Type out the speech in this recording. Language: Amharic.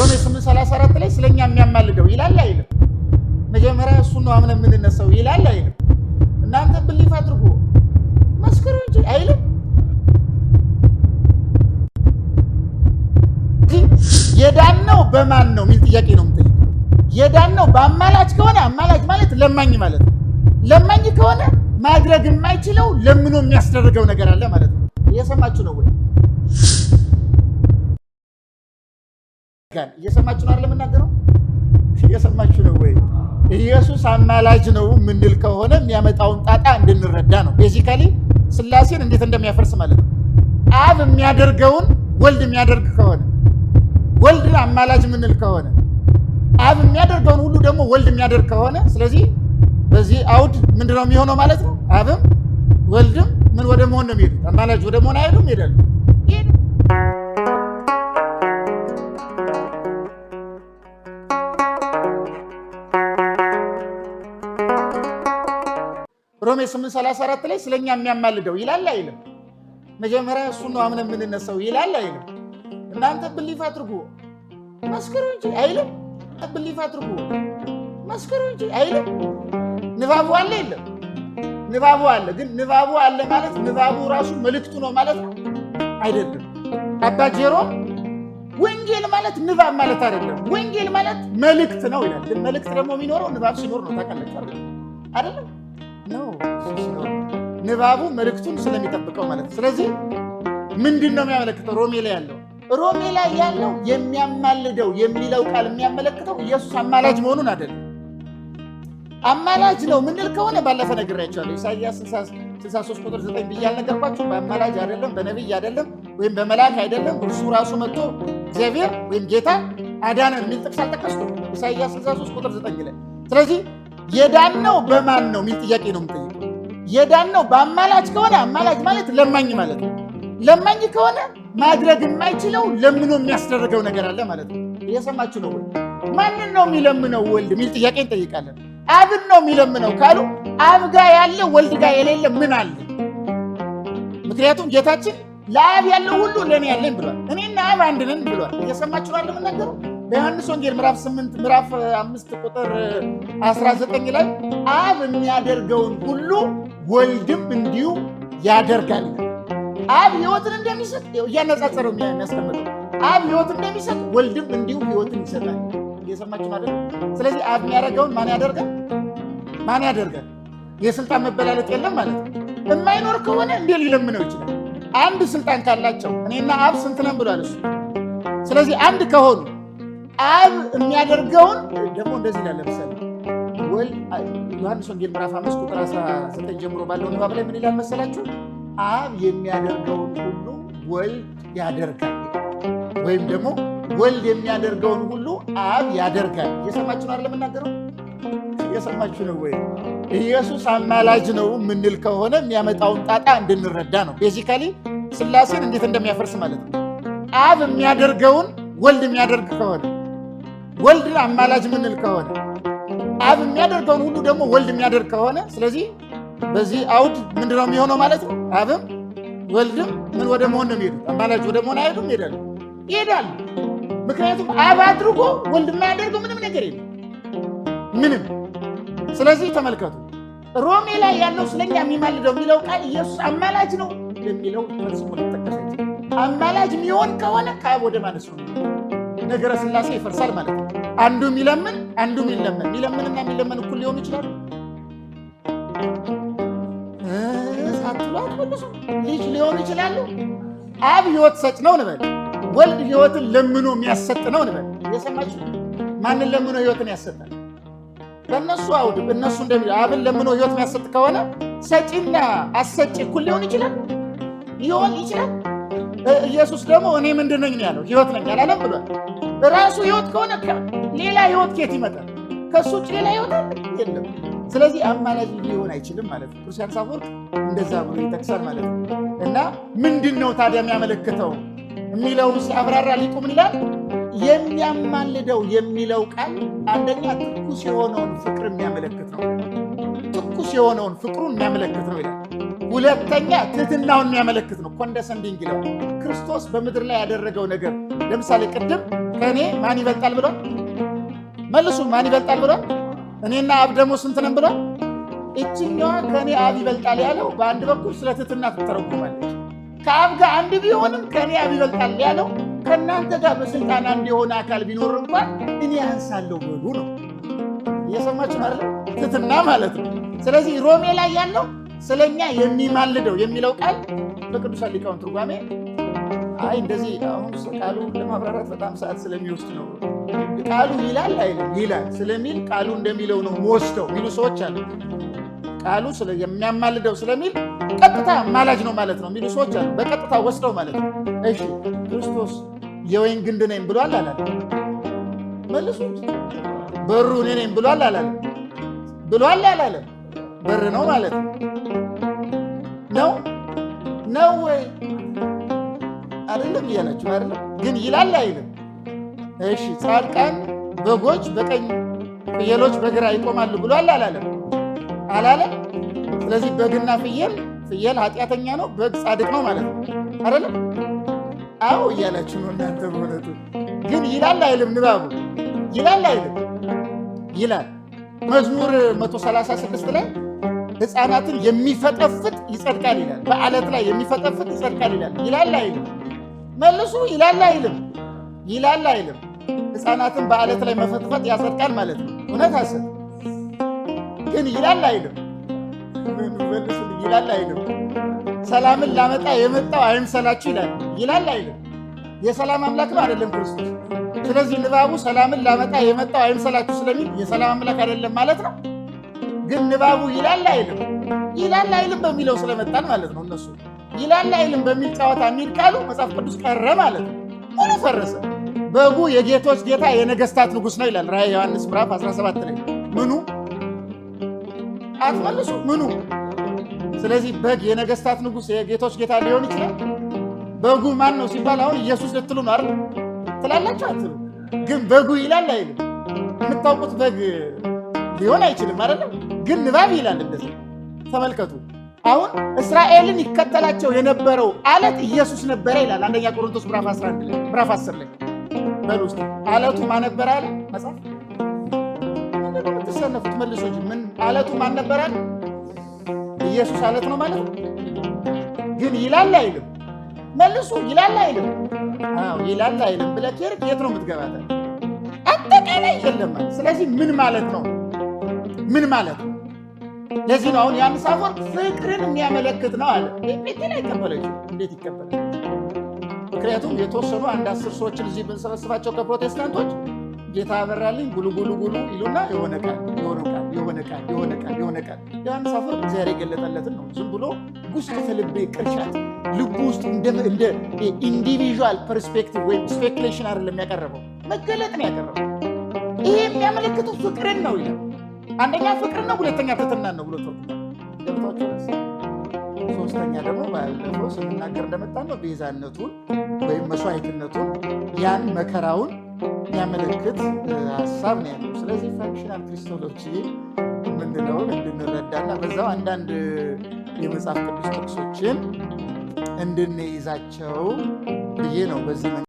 ሮሜ 8፥34 ላይ ስለኛ የሚያማልደው ይላል አይልም? መጀመሪያ እሱን ነው አምነን የምንነሳው ይላል አይልም? እናንተ ብሊፍ አድርጉ መስክሩ እንጂ አይልም? የዳነው በማን ነው የሚል ጥያቄ ነው የምጠይቀው። የዳነው በአማላጅ ከሆነ አማላጅ ማለት ለማኝ ማለት ነው። ለማኝ ከሆነ ማድረግ የማይችለው ለምኖ የሚያስደርገው ነገር አለ ማለት ነው። እየሰማችሁ ነው ወይ? ጋር እየሰማችሁ ነው አይደለም? የምናገረው እየሰማችሁ ነው ወይ? ኢየሱስ አማላጅ ነው የምንል ከሆነ የሚያመጣውን ጣጣ እንድንረዳ ነው። ቤዚካሊ ስላሴን እንዴት እንደሚያፈርስ ማለት ነው። አብ የሚያደርገውን ወልድ የሚያደርግ ከሆነ ወልድ አማላጅ የምንል ከሆነ አብ የሚያደርገውን ሁሉ ደግሞ ወልድ የሚያደርግ ከሆነ ስለዚህ በዚህ አውድ ምንድነው የሚሆነው ማለት ነው። አብም ወልድም ምን ወደ መሆን ነው የሚሄዱት? አማላጅ ወደ መሆን አይሄዱም፣ ይሄዳሉ። ሮሜ 834 ላይ ስለኛ የሚያማልደው ይላል አይልም? መጀመሪያ እሱ ነው አምነ የምንነሳው ይላል አይልም? እናንተ ብሊፍ አድርጉ መስክሩ እንጂ አይልም? ብሊፍ አድርጉ መስክሩ እንጂ አይልም? ንባቡ አለ የለም? ንባቡ አለ። ግን ንባቡ አለ ማለት ንባቡ ራሱ መልእክቱ ነው ማለት ነው አይደለም። አባ ጀሮ ወንጌል ማለት ንባብ ማለት አይደለም። ወንጌል ማለት መልእክት ነው ይላል። መልእክት ደግሞ የሚኖረው ንባብ ሲኖር ነው። ታውቃለች አይደለም ነው ንባቡ መልእክቱን ስለሚጠብቀው ማለት ነው። ስለዚህ ምንድን ነው የሚያመለክተው? ሮሜ ላይ ያለው ሮሜ ላይ ያለው የሚያማልደው የሚለው ቃል የሚያመለክተው ኢየሱስ አማላጅ መሆኑን አይደለም። አማላጅ ነው ምንል ከሆነ ባለፈ ነግሬያቸዋለሁ። ኢሳይያስ 63 ቁጥር 9 ብዬ አልነገርኳችሁ? በአማላጅ አይደለም፣ በነቢይ አይደለም፣ ወይም በመላክ አይደለም። እርሱ ራሱ መጥቶ እግዚአብሔር ወይም ጌታ አዳነ የሚል ጥቅስ አልጠቀስኩም። ኢሳይያስ 63 ቁጥር 9 ላይ ስለዚህ የዳነው በማን ነው የሚል ጥያቄ ነው የምጠይቀው። የዳነው በአማላጅ ከሆነ አማላጅ ማለት ለማኝ ማለት ነው። ለማኝ ከሆነ ማድረግ የማይችለው ለምኖ የሚያስደርገው ነገር አለ ማለት ነው። እየሰማችሁ ነው ወይ? ማንን ነው የሚለምነው? ወልድ የሚል ጥያቄ እንጠይቃለን። አብን ነው የሚለምነው ካሉ አብ ጋ ያለ ወልድ ጋ የሌለ ምን አለ? ምክንያቱም ጌታችን ለአብ ያለው ሁሉ ለእኔ ያለኝ ብሏል። እኔ እኛም አንድ ነን ብሏል። እየሰማችሁ ባለ የምናገረው በዮሐንስ ወንጌል ምዕራፍ 8 ምዕራፍ 5 ቁጥር 19 ላይ አብ የሚያደርገውን ሁሉ ወልድም እንዲሁ ያደርጋል። አብ ህይወትን እንደሚሰጥ እያነጻጸረው የሚያስቀምጠው አብ ህይወት እንደሚሰጥ ወልድም እንዲሁ ህይወትን ይሰጣል። እየሰማችሁ ማለት ነው። ስለዚህ አብ የሚያደርገውን ማን ያደርጋል? ማን ያደርጋል? የስልጣን መበላለጥ የለም ማለት ነው። የማይኖር ከሆነ እንዴ ሊለምነው ይችላል? አንድ ስልጣን ካላቸው እኔና አብ ስንት ነን ብሏል እሱ። ስለዚህ አንድ ከሆኑ አብ የሚያደርገውን ደግሞ እንደዚህ ይላል። ለምሳሌ ወል ዮሐንስ ወንጌል ምዕራፍ አምስት ቁጥር አስራ ዘጠኝ ጀምሮ ባለው ንባብ ላይ ምን ይላል መሰላችሁ? አብ የሚያደርገውን ሁሉ ወልድ ያደርጋል፣ ወይም ደግሞ ወልድ የሚያደርገውን ሁሉ አብ ያደርጋል። እየሰማችሁ ነው አለ የምናገረው እየሰማችሁ ነው ወይ? ኢየሱስ አማላጅ ነው የምንል ከሆነ የሚያመጣውን ጣጣ እንድንረዳ ነው። ቤዚካሊ ስላሴን እንዴት እንደሚያፈርስ ማለት ነው። አብ የሚያደርገውን ወልድ የሚያደርግ ከሆነ ወልድን አማላጅ የምንል ከሆነ አብ የሚያደርገውን ሁሉ ደግሞ ወልድ የሚያደርግ ከሆነ ስለዚህ በዚህ አውድ ምንድነው የሚሆነው ማለት ነው። አብም ወልድም ምን ወደ መሆን ነው የሚሄዱት? አማላጅ ወደ መሆን አይሄዱም? ይሄዳሉ ይሄዳሉ። ምክንያቱም አብ አድርጎ ወልድ የማያደርገው ምንም ነገር የለም ምንም ስለዚህ ተመልከቱ፣ ሮሜ ላይ ያለው ስለኛ የሚማልደው የሚለው ቃል ኢየሱስ አማላጅ ነው የሚለው ፈጽሞ ሊጠቀስ አማላጅ የሚሆን ከሆነ ከአብ ወደ ማነሱ ነገረ ስላሴ ይፈርሳል ማለት ነው። አንዱ የሚለምን አንዱ የሚለምን የሚለምንና የሚለምን እኩል ሊሆኑ ይችላሉ። ልጅ ሊሆኑ ይችላሉ። አብ ህይወት ሰጭ ነው ንበል፣ ወልድ ህይወትን ለምኖ የሚያሰጥ ነው ንበል። እየሰማችሁ ማንን ለምኖ ህይወትን ያሰጣል? በእነሱ አውድ እነሱ እንደ አብን ለምኖ ህይወት የሚያሰጥ ከሆነ ሰጪና አሰጪ እኩል ሊሆን ይችላል ሊሆን ይችላል። ኢየሱስ ደግሞ እኔ ምንድን ነኝ ያለው ህይወት ነኝ አላለም ብሏል። ራሱ ህይወት ከሆነ ሌላ ህይወት ኬት ይመጣል? ከእሱ ውጭ ሌላ ህይወት የለም። ስለዚህ አማላጅ ሊሆን አይችልም ማለት ነው። ክርስቲያን ሳፎርክ እንደዛ ብሎ ይጠቅሳል ማለት ነው። እና ምንድን ነው ታዲያ የሚያመለክተው የሚለውን ሲያብራራ ሊቁ ምን ይላል? የሚያማልደው የሚለው ቃል አንደኛ ትኩስ የሆነውን ፍቅር የሚያመለክት ነው። ትኩስ የሆነውን ፍቅሩን የሚያመለክት ነው ይላል። ሁለተኛ ትህትናውን የሚያመለክት ነው። ኮንደሰንዲንግ ይለው ክርስቶስ በምድር ላይ ያደረገው ነገር ለምሳሌ ቅድም ከእኔ ማን ይበልጣል ብሎ መልሱ ማን ይበልጣል ብሎ እኔና አብ ደግሞ ስንት ነን ብሏል። እችኛዋ ከእኔ አብ ይበልጣል ያለው በአንድ በኩል ስለ ትህትና ትተረጉማለች። ከአብ ጋር አንድ ቢሆንም ከእኔ አብ ይበልጣል ያለው ከእናንተ ጋር በስልጣን አንድ የሆነ አካል ቢኖር እንኳን እኔ ያንሳለሁ በሉ ነው። እየሰማች ማለት ትትና ማለት ነው። ስለዚህ ሮሜ ላይ ያለው ስለኛ የሚማልደው የሚለው ቃል በቅዱሳን ሊቃውንት ትርጓሜ አይ እንደዚህ አሁን ቃሉ ለማብራራት በጣም ሰዓት ስለሚወስድ ነው። ቃሉ ይላል አይልም ይላል ስለሚል ቃሉ እንደሚለው ነው ወስደው ሚሉ ሰዎች አሉ። ቃሉ የሚያማልደው ስለሚል ቀጥታ አማላጅ ነው ማለት ነው የሚሉ ሰዎች አሉ። በቀጥታ ወስደው ማለት ነው። እሺ ክርስቶስ የወይን ግንድ ነኝ ብሏል አላለም? መልሱ በሩ እኔ ነኝ ብሏል አላለም? ብሏል አላለም? በር ነው ማለት ነው። ነው ወይ አይደለም እያላችሁ አይደለም ግን ይላል አይልም። እሺ ጻድቃን በጎች በቀኝ ፍየሎች በግራ ይቆማሉ ብሏል አላለም? አላለም። ስለዚህ በግና ፍየል ፍየል ኃጢአተኛ ነው፣ በግ ጻድቅ ነው ማለት ነው አይደለም? አዎ እያላችሁ ነው እናንተ። በእውነቱ ግን ይላል አይልም? ንባቡ ይላል አይልም? ይላል። መዝሙር 136 ላይ ህፃናትን የሚፈጠፍጥ ይጸድቃል ይላል። በዓለት ላይ የሚፈጠፍጥ ይጸድቃል ይላል። ይላል አይልም? መልሱ ይላል አይልም? ይላል አይልም? ህፃናትን በዓለት ላይ መፈጥፈጥ ያጸድቃል ማለት ነው። እውነት አሰብ ግን ይላል አይልም? ብትመልሱልኝ ይላል አይልም። ሰላምን ላመጣ የመጣው አይምሰላችሁ ይላል ይላል አይልም። የሰላም አምላክም አይደለም ክርስቶስ። ስለዚህ ንባቡ ሰላምን ላመጣ የመጣው አይምሰላችሁ ስለሚል የሰላም አምላክ አይደለም ማለት ነው። ግን ንባቡ ይላል አይልም ይላል አይልም በሚለው ስለመጣን ማለት ነው። እነሱ ይላል አይልም በሚል ጨዋታ የሚል ቃሉ መጽሐፍ ቅዱስ ቀረ ማለት ነው። ሙሉ ፈረሰ። በጉ የጌቶች ጌታ የነገስታት ንጉስ ነው ይላል ራእይ ዮሐንስ ምዕራፍ 17 ላይ ምኑ አትመልሱ ምኑ። ስለዚህ በግ የነገስታት ንጉሥ የጌቶች ጌታ ሊሆን ይችላል። በጉ ማን ነው ሲባል አሁን ኢየሱስ ልትሉ ነው አይደል? ትላላችሁ አትሉ። ግን በጉ ይላል አይል የምታውቁት በግ ሊሆን አይችልም አይደለም። ግን ንባብ ይላል እንደዚህ። ተመልከቱ አሁን እስራኤልን ይከተላቸው የነበረው አለት ኢየሱስ ነበረ ይላል አንደኛ ቆሮንቶስ ምዕራፍ 11 ላይ ምዕራፍ 10 ላይ በል ውስጥ አለቱ ማነበር አለ መጽሐፍ ብትሰነፉት መልሶ እንጂ ምን አለቱ ማን ነበራል? ኢየሱስ አለት ነው ማለት ነው። ግን ይላል አይልም፣ መልሱ ይላል አይልም። አዎ ይላል አይልም ብለህ ከሄድክ የት ነው የምትገባት? አጠቃላይ የለም። ስለዚህ ምን ማለት ነው? ምን ማለት ነው? ለዚህ ነው አሁን ዮሐንስ አፈወርቅ ፍቅርን የሚያመለክት ነው አለ። ቤቴን አይቀበለች እንዴት ይቀበላል? ምክንያቱም የተወሰኑ አንድ አስር ሰዎችን እዚህ ብንሰበስባቸው ከፕሮቴስታንቶች ጌታ አበራልኝ ጉሉ ጉሉ ጉሉ ይሉና የሆነ ቃል የሆነ ቃል የሆነ ቃል የሆነ ቃል የሆነ ቃል ዮሐንስ አፈወርቅ እግዚአብሔር የገለጠለትን ነው። ዝም ብሎ ውስጥ ከልቤ ቅርሻት ልቡ ውስጥ እንደ ኢንዲቪዥዋል ፐርስፔክቲቭ ወይም ስፔኩሌሽን አይደለም ያቀረበው፣ መገለጥ ነው ያቀረበው። ይሄ የሚያመለክቱ ፍቅርን ነው ይላል። አንደኛ ፍቅር ነው፣ ሁለተኛ ትትና ነው ብሎ ሶስተኛ ደግሞ ባለፈው ስንናገር እንደመጣ ነው ቤዛነቱን ወይም መስዋዕትነቱን ያን መከራውን የሚያመለክት ሀሳብ ነው ያለው። ስለዚህ ፋንክሽናል ክሪስቶሎጂ የምንለውን እንድንረዳና በዛው አንዳንድ የመጽሐፍ ቅዱስ ጥቅሶችን እንድንይዛቸው ብዬ ነው በዚህ